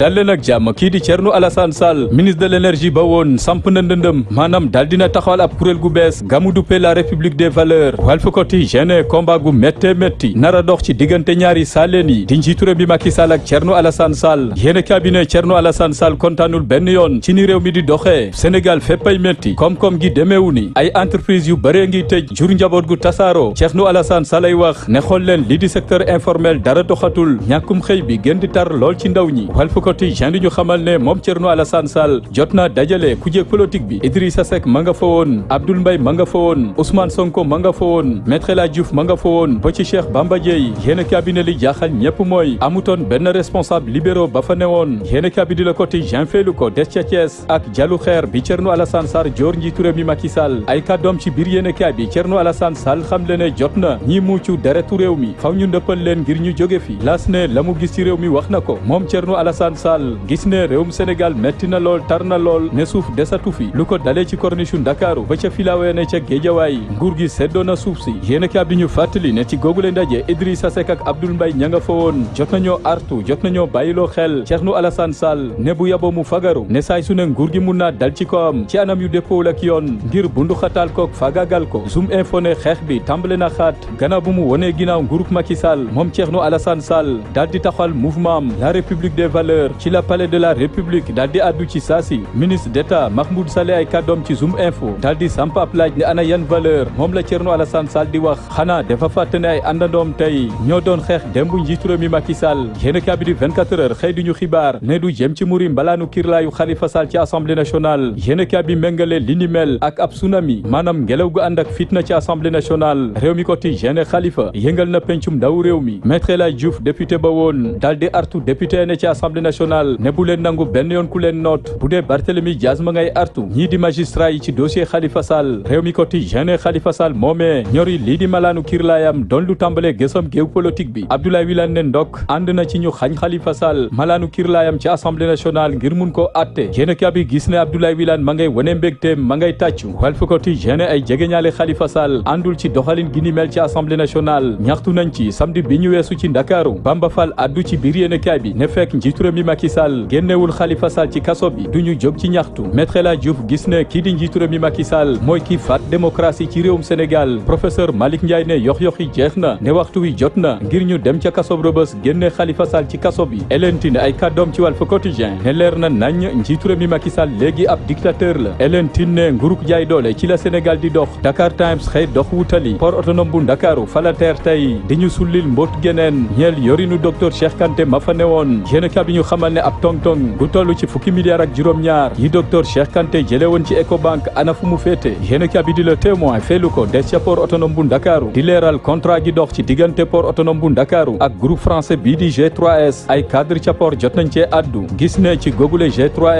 dal leen ak jàmm kii di Thierno Alassane Sall ministre de l' énergie ba woon samp na ndëndëm maanaam dal dina taxawal ab kuréel gu bees gamu duppee la république des valeur Walf Quotidien ne combat gu méttee métti nar a dox ci diggante ñaari saaleen yi di njiitu réew mi Macky Sall ak Thierno Alassane Sall yéen a cabinet Thierno Alassane Sall kontaanul benn yoon ci ni réew mi di doxee Sénégal féppay métti koom-koom gi demeewu ni ay entreprise yu bëree ngi tëj jur njaboot gu tasaaroo Thierno Alassane Sall ay wax ne xool leen di secteur informel dara doxatul ñàkkum xëy bi gën di tar ci ndaw ñi quotidien di ñu xamal ne moom Thierno Alassane Sall jot na dajale kujje politique bi Idrissa Seck ma nga fa woon Abdoul Mbaye ma nga fa woon Ousmane Sonko ma nga fa woon Maître la Hadji Diouf ma nga fa woon ba ci Cheikh Bamba Dièye yéen cabinet li jaaxal ñëpp mooy amutoon benn responsable libéraux ba fa ne woon newoon yéen cabinet le quotidien feelu ko des ca Thiès ak jalu xeer bi Thierno Alassane Sall joor njiitu réew mi ci Sall ay kàddoom ci biir yéen kaay bi Thierno Alassane Sall xam le ne jot na ñi muccu deretu réew mi faw ñu ndëppal leen ngir ñu jóge fi las la mu gis ci réew mi wax na ko Alassane Sall gis ne réewum Sénégal metti na lool tar na lool ne suuf desatu fi lu ko dalee ci corniche u Ndakaaru ba ca filawee ne ca Géejawaay nguur gi seddoo na suuf si yéen a ñu fàttali ne ci googule ndaje Idrissa Seck ak Abdoul Mbaye ña nga fa woon jot nañoo artu jot nañoo bàyyiloo xel Thierno Alassane Sall ne bu yaboo mu fagaru ne saay su ne nguur gi mun naa dal ci kawam ci anam yu déppoowul ak yoon ngir bundu xataal koog faagaagal ko zoom info ne xeex bi tàmbale na xaat gannaaw bu mu wonee ginnaaw nguurug Macky Sall moom Thierno Alassane Sall daal di taxawal mouvement am gouverneur ci la palais de la république daal di addu ci saasi ministre d'état Mahmoud Saleh ay kàddoom ci Zoom info daal di sampaab laaj ne ana yan valeur moom la Thierno Alassane Sall di wax xanaa dafa fàtte ne ay àndandoom tey ñoo doon xeex démb njiitu réew mi a kaabi di 24 heures xibaar ne du jëm ci muri mbalaanu kirlaayu Khalifa Sall ci assemblée nationale yéen a kaabi méngale li ak ab tsunami maanaam ngelaw gu ànd ak fitna ci assemblée national ne bu leen nangu benn yoon ku leen noot bu dee Barthélemy Dias ma ngay artu ñii di magistrat yi ci dossier Khalifa Sall réew mi quotidien ne Khalifa Sall moomee ñori lii di malaanu kirlaayam doon lu tàmbalee gësam géew politique bi Abdoulaye Wilane ne ndok ànd na ci ñu xañ Khalifa malaanu kirlaayam ci assemblée nationale ngir mun ko atte yéena kaa bi gis ne Abdoulaye Wilane ma ngay wone mbégteem ma ngay tàccu Walf Quotidien ay jegeñaale Khalifa Sall àndul ci doxalin gi ni mel ci assemblée nationale ñaxtu nañ ci samedi bi ñu weesu ci Ndakaaru Bamba Fall addu ci bi ma Macky Sall génnewul Khalifa Sall ci kaso bi du ñu jóg ci ñaxtu Maître El Hadji gis ne kii di njiitu réew mi Macky Sall mooy kii faat démocratie ci réewum Sénégal professeur Malick Ndiaye ne yox-yox yi jeex na ne waxtu wi jot na ngir ñu dem ca kaso Rebeuss génne Khalifa Sall ci kaso bi elentine ay kàddoom ci Walf Quotidien ne leer na nañ njiitu mi Macky Sall léegi ab dictateur la elentine ne nguruk jaay doole ci la Sénégal di dox Dakar Times xëy dox wutali port autonome bu Ndakaaru falateer tey di ñu sullil mbóot geneen ñeel yorinu docteur Cheikh Kanté ma fa newoon yéen ka bi ñu xamal ne ab tong-tong bu toll ci fukki milliards ak juróom-ñaar yi docteur Cheikh Kanté jële woon ci Ecobank ana fu mu féete yéenekaay bi di Le Témoin feelu ko des ca port autonome bu Ndakaaru di leeral contrat gi dox ci diggante port autonome bu Ndakaaru ak groupe français bii di G3S ay cadre ca port jot nañ cee addu gis ne ci googule g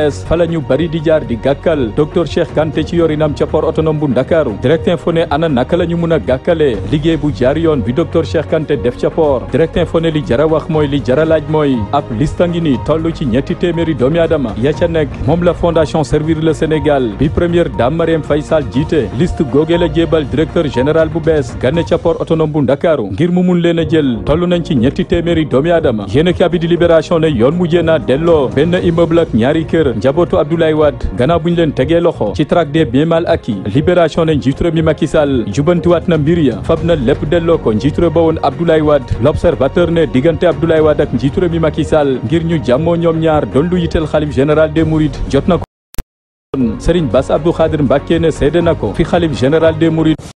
s fa la ñu bari di jaar di gàkkal docteur Cheikh Kanté ci yorinam ca port autonome bu Ndakaaru Direct Info ne ana naka la ñu mun a gàkkalee liggéey bu jaar yoon bi docteur Cheikh Kanté def ca port Direct Info li jara wax mooy li jara mooy ab lista ngi nii toll ci ñetti téeméeri doomi aadama ya ca nekk moom la fondation servir le Sénégal bi première dame Marième Faye Sall jiite liste googee la jéebal directeur général bu bees gànne ca port autonome bu ndakaaru ngir mu mun leen a jël toll nañ ci ñetti téeméeri doomi aadama yéen a kaabi di libération ne yoon mujjee naa delloo benn immeuble ak ñaari kër njabootu Abdoulaye Wade gannaaw bu ñu leen tegee loxo ci traque des biens mal acquis libération ne njiitu réew mi Macky Sall jubantiwaat na mbir ya fab na delloo ko njiitu réew ba woon Abdoulaye Wade l'observateur ne diggante Abdoulaye Wade ak ngir ñu jàmmoo ñoom ñaar doon lu yitteel xalif général des mourides jot na ko sëriñ Bass Abdou Khadir Mbàkke ne seede na ko fi xalif général des mourides